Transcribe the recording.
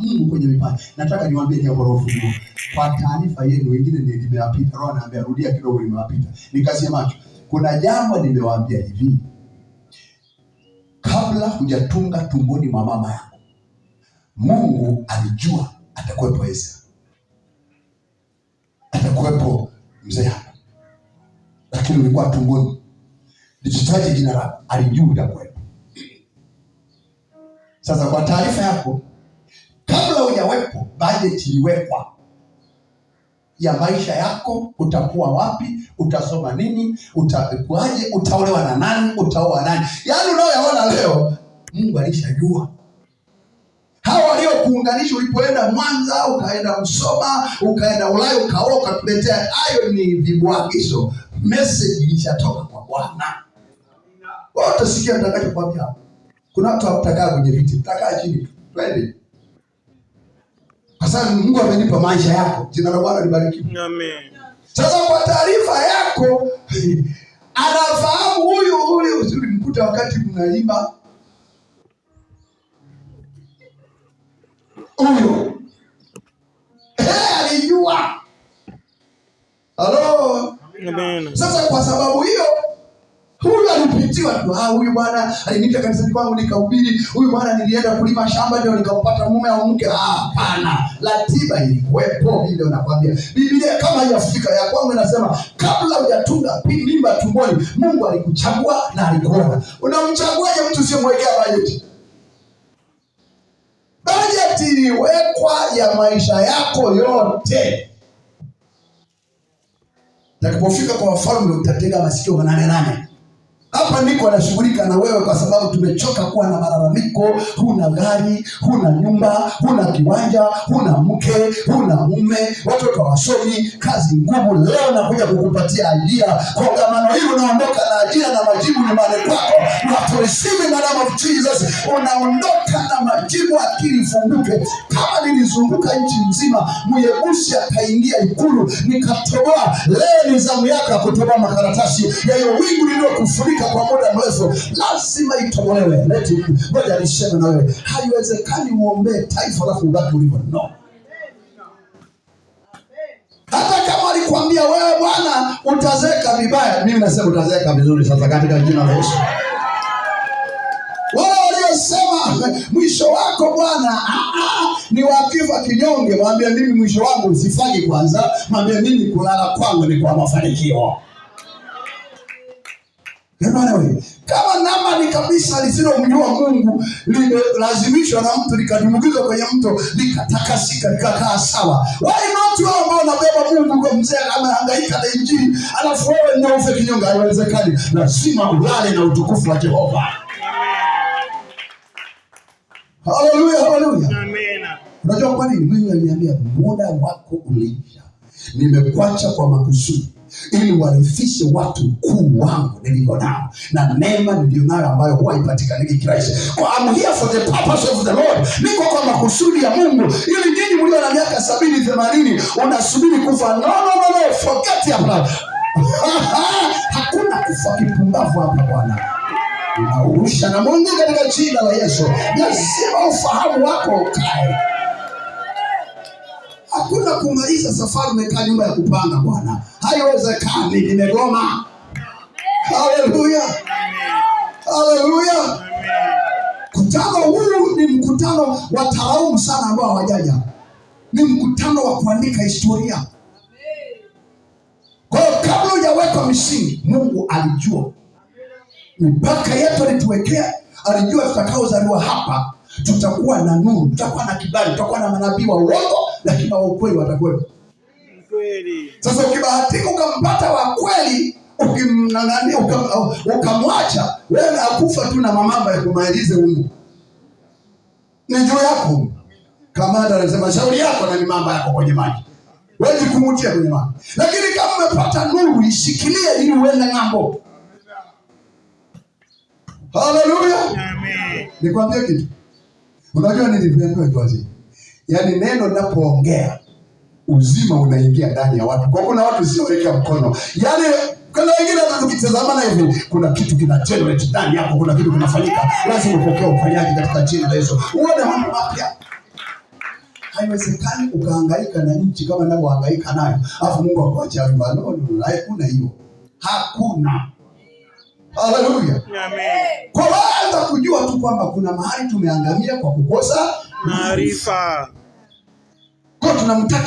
Mungu kwenye mipaka. Nataka niwaambie jambo la ufunuo. Kwa taarifa yenu, wengine ndio nimewapita. Roho anaambia rudia kidogo, nimewapita. Nikasemacho, kuna jambo nimewaambia hivi. Kabla hujatunga tumboni mwa mama yako, Mungu alijua atakuwepo Ezra. Atakuwepo mzee hapa. Lakini ulikuwa tumboni. Nititaje jina lako, alijua utakuwepo. Sasa kwa taarifa yako bajeti iliwekwa ya maisha yako, utakuwa wapi, utasoma nini, utakuaje, utaolewa na nani, utaoa nani, yaani unaoyaona leo Mungu alishajua hawa waliokuunganisha ulipoenda Mwanza, ukaenda Msoma, ukaenda Ulaya, ukaoa, ukatuletea. Hayo ni vibwagizo, Message ilishatoka kwa Bwana. Utasikia mtakachokwambia. Kuna watu hawatakaa kwenye viti, mtakaa chini, twende sababu Mungu amenipa maisha yako. Jina la Bwana libariki. Amen. Sasa kwa taarifa yako anafahamu huyu ule uzuri mkuta wakati mnaimba huyo alijua. Halo. Sasa kwa sababu hiyo nilitiwa tu, ah, huyu bwana alinipa kanisani kwangu nikahubiri, huyu bwana nilienda kulima shamba ndio nikampata mume au mke. Ah, hapana, ah, ratiba ilikuwepo. Hii ndio nakwambia Biblia kama haijafika ya kwangu inasema kabla hujatunga mimba tumboni, Mungu alikuchagua na alikuona. Unamchaguaje mtu usiyemwekea bajeti? Bajeti iliwekwa ya maisha yako yote. Takapofika kwa wafalme utatega masikio manane nane malalamiko anashughulika na wewe, kwa sababu tumechoka kuwa na malalamiko. Huna gari, huna nyumba, huna kiwanja, huna mke, huna mume, watoto wasomi, kazi ngumu. Leo nakuja kukupatia ajira. Kongamano hili unaondoka na ajira na majibu nyumbani kwako. Watorisivi manam of Jesus, unaondoka na majibu, akili funguke. Kama nilizunguka nchi nzima, Myebusi akaingia ikulu, nikatoboa. Leo ni zamu yako ya kutoboa makaratasi ya wingu lililokufunika kwa muda mrefu, lazima itobolewe. moja niseme na wewe, haiwezekani uombee taifa lafu ubaki ulivyo. No, hata kama alikwambia wewe, bwana utazeka vibaya, mimi nasema utazeka vizuri. Sasa katika jina la Yesu waliosema mwisho wako Bwana ah, ah, ni wakifa kinyonge. Mwambie mimi mwisho wangu usifanye kwanza, mwambie mimi kulala kwangu ni kwa mafanikio. Bwana wewe, kama ni kabisa lisilomjua Mungu limelazimishwa na mtu likadumukizwa kwenye mto likatakasika likakaa sawa. Why not wao ambao wanabeba Mungu kwa mzee amehangaika na Injili, alafu wewe ndio ufe kinyonga? Haiwezekani, lazima ulale na utukufu wa Jehova. Haleluya, haleluya, amen. Unajua kwa nini? muda wako uliisha, nimekuacha kwa makusudi ili warithishe watu ukuu wangu nilivyo nao na neema niliyonayo ambayo huwa ipatikaniki kirahisi. Kwa I'm here niko kwa makusudi ya Mungu, ili nyinyi mlio na miaka sabini themanini unasubiri kufa. No, no, no, no. Forget Hakuna kufa kipungavu hapa bwana, unaurusha na Mungu katika jina la Yesu. Lazima ufahamu wako ukae hakuna kumaliza safari umekaa nyumba ya kupanga bwana, haiwezekani. Nimegoma. Haleluya, haleluya. Mkutano huu ni mkutano wa taraumu sana, ambao hawajaja. Ni mkutano wa kuandika historia. Kwa hiyo kabla hujawekwa misingi, Mungu alijua mipaka yetu, alituwekea, alijua tutakaozaliwa hapa tutakuwa na nuru, tutakuwa na kibali, tutakuwa na manabii wa uongo lakini wa ukweli watakuwepo. Sasa ukibahatika ukampata wa kweli ukimnang'ania ukamwacha, wewe akufa tu na mamamba ya kumalize Mungu ni juu yako. Kamanda anasema shauri yako na ni mamba yako kwenye maji, wezi kumutia kwenye maji. Lakini kama umepata nuru, ishikilie ili uende ng'ambo. Haleluya, nikwambie kitu, unajua nilivyoambiwa juzi Yaani neno linapoongea uzima unaingia ndani ya watu. Kwa kuna watu sioweka mkono, yaani kuna wengine hata na hivi, kuna kitu kina generate ndani yako, kuna kitu kinafanyika. Lazima upokee uponyaji katika jina la Yesu, uone mambo mapya. Haiwezekani ukahangaika na nchi kama ninavyohangaika nayo, alafu Mungu akuacha mbaloni. Hakuna hiyo, hakuna. Haleluya, amen. Kwa waanza kujua tu kwamba kuna mahali tumeangamia kwa kukosa maarifa. no